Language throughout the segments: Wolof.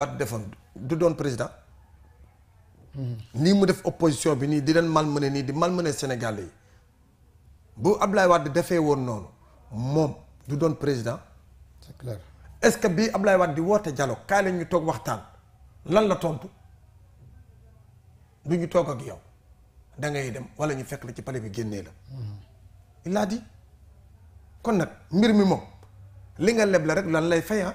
Wade defoon du doon président ni mu def opposition bi ni di leen malmené ni di malmené Sénégalais bu Ablaye Wade defé won non mom du don président c'est clair est-ce que bi Ablaye Wade di woote dialogue ka la ñu tok waxtaan lan la tontu du ñu toog ak yow da ngay dem wala ñu fekk la ci palais bi génné la il a dit kon nak mbir mi mom li nga leb la rek lan lay fay ah?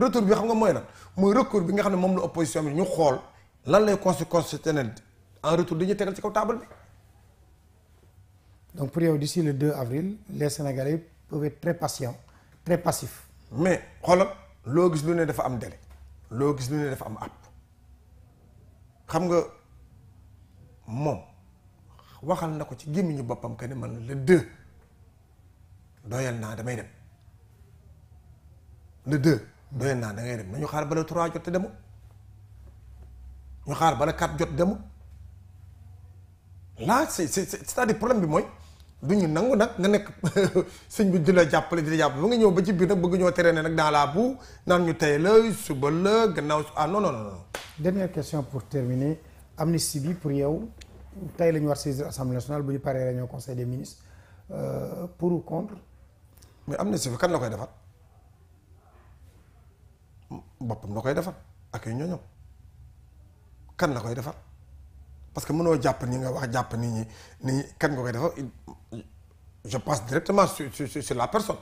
retour bi xam nga moy lan moy recours bi nga xamne mom moom la opposition bi ñu xol lan lay conseil constitutionnel en retour dañuy tégal ci kaw table bi. donc pour yow d'ici le 2 avril les sénégalais peuvent être très patients très passifs. mais xolam lo gis lu ne dafa am délai. lo gis lu ne dafa am app xam nga mom waxal na ko ci gémmiñu bopam que ne man le 2 doyal naa damay dem le 2 doy naa da ngay dem ñu xaar ba le 3 jot te ñu xaar ba le 4 jot demul là c'est c'est-à-dire problème bi moy duñu ñu nangu nag nga nek sëñ bi di la jàppale japp ba nga ñëw ba ci biir nak bëgg ñoo tere nak dans la boue naan ñu tey la suba la gannaaw ah non non non. dernière question pour terminer amnistie bi pour yow tay lañu war saisir assemblée nationale bu ñu paré réunion conseil des ministres euh, pour ou contre. mais amnistie bi kan la koy defar bopam nakoy defal ak ay ñoñom kan la koy defal parce que mëno japp ni nga wax japp nit ñi ni kan nga koy defal je passe directement sur sur la personne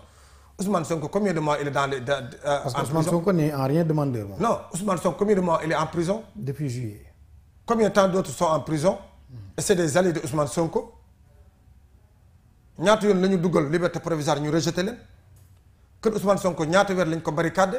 Ousmane Sonko combien de mois il est dans les. Euh, parce que Ousmane Sonko n'est en rien demandeur. non Ousmane Sonko combien de mois il est en prison. depuis juillet. combien de temps d'autres sont en prison. et c'est des alliés de Ousmane Sonko. ñaata yoon lañu duggal liberté provisoire ñu rejeté leen que Ousmane Sonko ñaata wër lañ ko barricadé.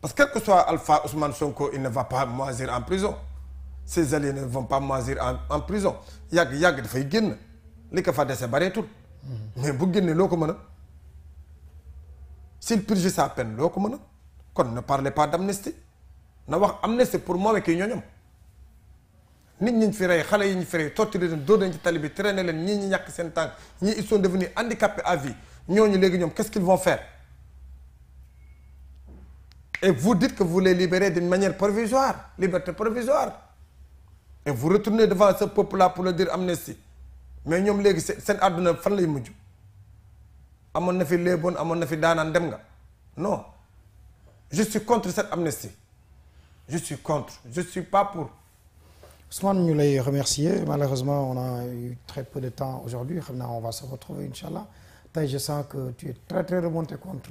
Parce que quel que soit Alpha Ousmane Sonko, il ne va pas moisir en prison. Ses alliés ne vont pas moisir en, en prison. Yag, yag, a des gens qui ont cafés, c'est barré tout. Mais vous gagnez l'eau comme S'il purge sa peine, l'eau comme Qu'on ne parlez pas d'amnistie. N'avoir amnistie pour moi, mais nous nit ñi fi rey xalé yi fi rey torturer les do les ci traîner ñi ñak tank ils sont devenus handicapés à vie ñoñu légui ñom qu'est-ce qu'ils vont faire et vous dites que vous les libérez d'une manière provisoire, liberté provisoire. Et vous retournez devant ce peuple-là pour leur dire amnistie. mais ñoom les, seen àdduna fan lay mujj amoon fi léeboon fi dem nga non je suis contre cette amnistie je suis contre je suis pas pour. Ousmane nous lay remercier malheureusement on a eu très peu de temps aujourd'hui Maintenant, on va se retrouver Inch'Allah. je sens que tu es très très remonté contre.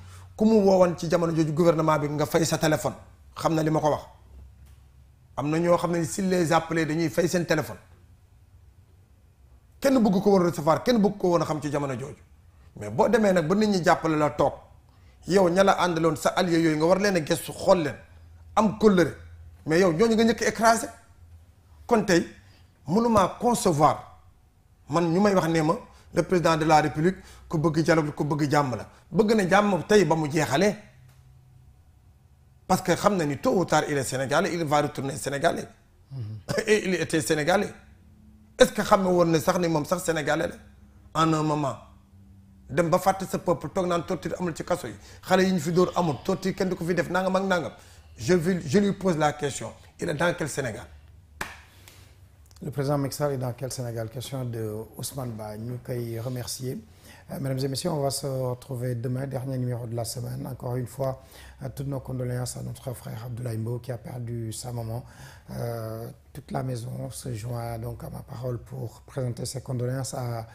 ku mu woowoon ci jamono jooju gouvernement bi nga fay sa téléphone xam na li ma ko wax am na ñoo xam ne si les appelés dañuy fay seen téléphone kenn bugg ko woon recevoir kenn bugg ko woon a xam ci jamono jooju mais boo demee nag ba nit ñi jàppale la toog yow ñala àndaloon sa allié yooyu nga war leen gestu xool leen am kóllëre mais yow ñooñu nga njëkk écrasé kon tey mënumaa concevoir man ñu may wax ne ma le président de la république ko bëgg dialogue ko bëgg jamm la bëgg na jamm tay ba mu jéxalé parce que xam na ni tôt ou tard il est sénégalais il va retourner sénégalais mhm. et il était sénégalais est-ce que xamé ne woon sax ni mom sax sénégalais la en un moment dem ba fàtte ce peuple tok nan torture amul ci kasso yi xalé yi ñu fi door amul torti kenn du ko fi def nangam ak nangam je je lui pose la question il est dans quel Sénégal le président Macky est dans quel Sénégal Question de Ousmane Ba nous y remercier euh, mesdames et messieurs on va se retrouver demain dernier numéro de la semaine encore une fois euh, toutes nos condoléances à notre frère Abdoulaye Mbou qui a perdu sa maman euh, toute la maison se joint donc à ma parole pour présenter ses condoléances à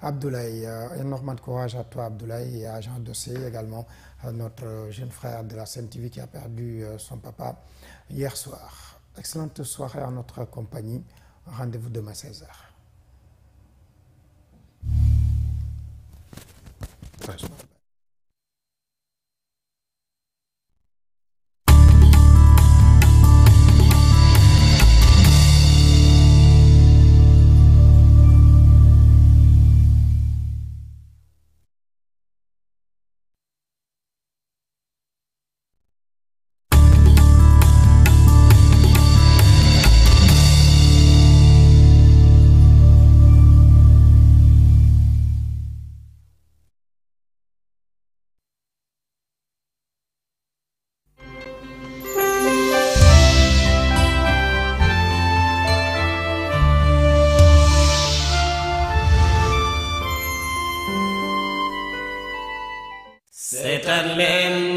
Abdoulaye euh, énormément de courage à toi Abdoulaye et à Jean Dossé également à notre jeune frère de la CNTV qui a perdu son papa hier soir excellente soirée à notre compagnie Rendez-vous demain 16h. تتكلم